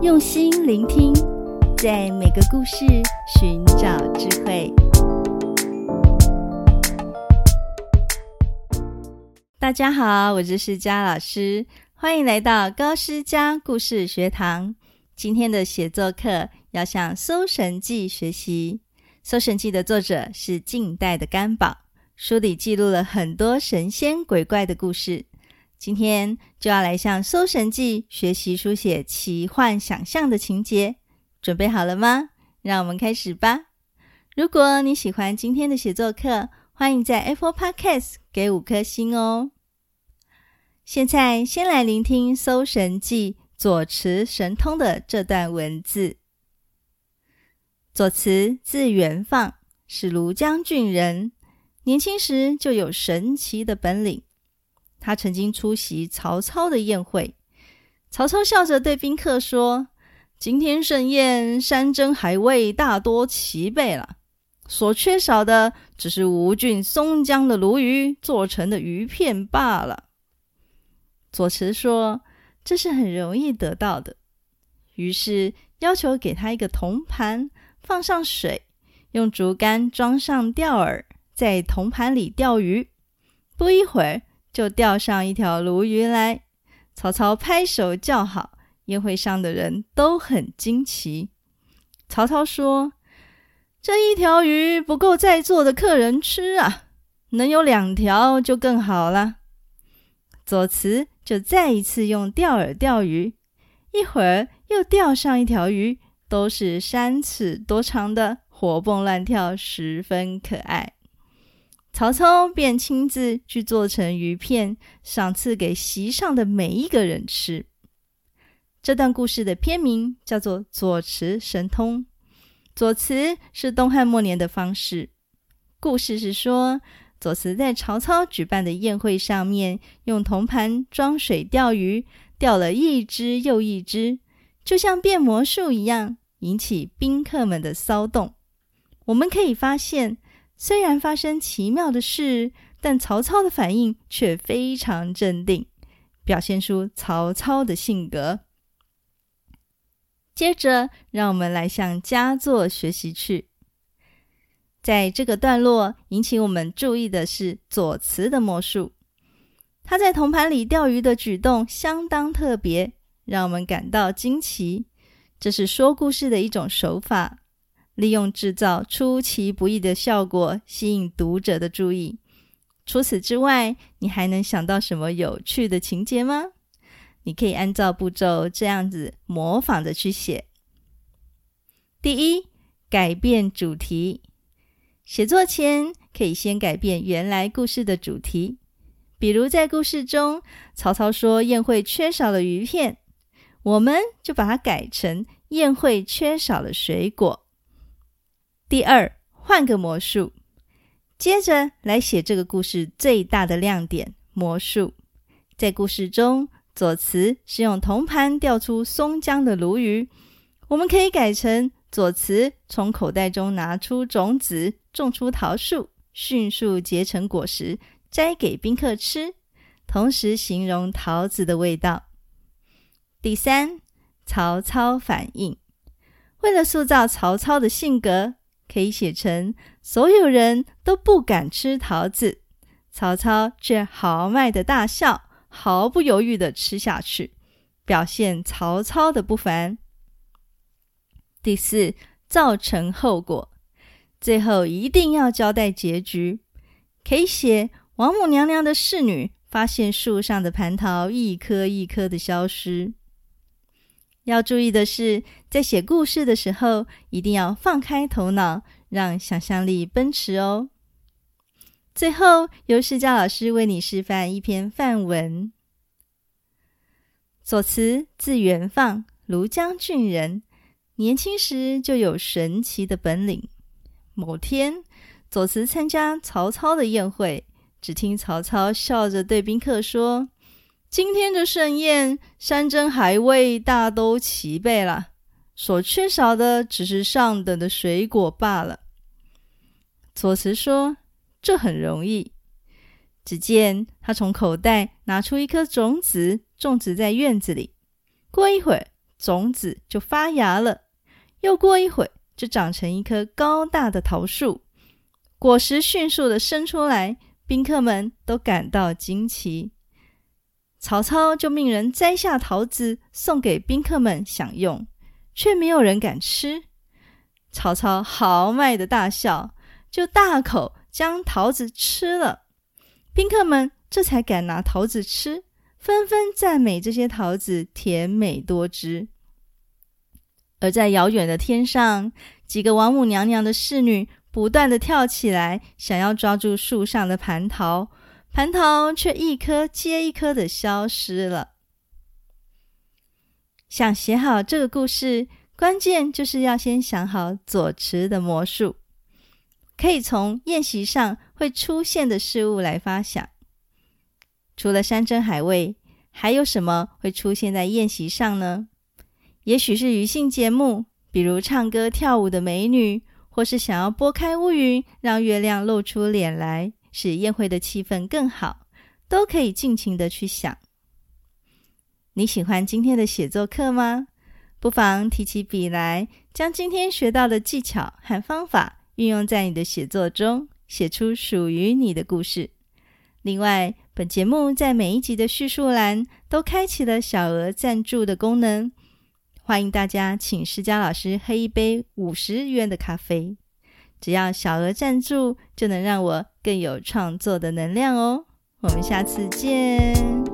用心聆聽，在每個故事尋找智慧。大家好，我是詩佳老師，歡迎來到高詩佳故事學堂。今天的寫作課要向搜神記學習《搜神記》學習，《搜神記》的作者是晉代的干寶，書裡記錄了很多神仙鬼怪的故事。今天就要來向《搜神記》學習書寫奇幻想象的情節，準備好了嗎？讓我們開始吧！如果你喜歡今天的寫作課，歡迎在 Apple Podcast 給五顆星哦。現在先來聆聽《搜神記》左慈神通的這段文字。左慈字元放，是廬江郡人，年輕時就有神奇的本領。他曾經出席曹操的宴會。曹操笑着對賓客說：“今天盛宴，山珍海味大多齊備了，所缺少的只是吳郡松江的鱸魚做成的魚片罷了。”左慈說：“這是很容易得到的。”於是要求給他一個銅盤，放上水，用竹竿裝上釣餌，在銅盤裡釣魚。不一會兒，就釣上一條鱸魚來，曹操拍手叫好，宴會上的人都很驚奇。曹操說：“這一條魚不夠在座的客人吃啊，能有兩條就更好了。”左慈就再一次用釣餌釣魚，一會兒又釣上一條魚，都是三尺多長的，活蹦亂跳，十分可愛。曹操便親自去做成魚片，賞賜給席上的每一個人吃。這段故事的片名叫做《左慈神通》。左慈是東漢末年的方士。故事是說，左慈在曹操舉辦的宴會上面，用銅盤裝水釣魚，釣了一隻又一隻，就像變魔術一樣，引起賓客們的騷動。我們可以發現，雖然發生奇妙的事，但曹操的反應卻非常鎮定，表現出曹操的性格。接着，讓我們來向佳作學習去。在這個段落引起我們注意的是左慈的魔術，他在銅盤裡釣魚的舉動相當特別，讓我們感到驚奇。這是說故事的一種手法。利用製造出其不意的效果，吸引讀者的注意。除此之外，你還能想到什麼有趣的情節嗎？你可以按照步驟這樣子模仿着去寫。第一，改變主題。寫作前可以先改變原來故事的主題。比如在故事中，曹操說宴會缺少了魚片，我們就把它改成宴會缺少了水果。第二，換個魔術，接着來寫這個故事最大的亮點——魔術。在故事中，左慈是用銅盤釣出松江的鱸魚，我們可以改成左慈從口袋中拿出種子，種出桃樹，迅速結成果實，摘給賓客吃，同時形容桃子的味道。第三，曹操反應，為了塑造曹操的性格。可以寫成所有人都不敢吃桃子，曹操卻豪邁的大笑，毫不猶豫的吃下去，表現曹操的不凡。第四，造成後果，最後一定要交代結局。可以寫王母娘娘的侍女發現樹上的蟠桃一顆一顆的消失。要注意的是，在寫故事的時候，一定要放開頭腦，讓想象力奔馳哦。最後，由詩佳老師為你示範一篇範文。左慈，字元放，廬江郡人，年輕時就有神奇的本領。某天，左慈參加曹操的宴會，只聽曹操笑着對賓客說。今天的盛宴，山珍海味大都齊備了，所缺少的只是上等的水果罷了。左慈說：“這很容易。”只見他從口袋拿出一顆種子，種植在院子裡。過一會兒，種子就發芽了；又過一會就長成一棵高大的桃樹，果實迅速的生出來。賓客們都感到驚奇。曹操就命人摘下桃子送給賓客們享用，卻沒有人敢吃。曹操豪邁地大笑，就大口將桃子吃了。賓客們這才敢拿桃子吃，紛紛讚美這些桃子甜美多汁。而在遙遠的天上，幾個王母娘娘的侍女不斷地跳起來，想要抓住樹上的蟠桃。蟠桃卻一顆接一顆的消失了。想寫好這個故事，關鍵就是要先想好左慈的魔術。可以從宴席上會出現的事物來發想。除了山珍海味，還有什麼會出現在宴席上呢？也許是餘興節目，比如唱歌跳舞的美女，或是想要撥開烏雲，讓月亮露出臉來。使宴會的氣氛更好，都可以盡情的去想。你喜歡今天的寫作課嗎？不妨提起筆來，將今天學到的技巧和方法運用在你的寫作中，寫出屬於你的故事。另外，本節目在每一集的敘述欄都開啟了小額贊助的功能，歡迎大家請詩佳老師喝一杯五十元的咖啡。只要小額贊助，就能讓我更有創作的能量哦！我們下次見。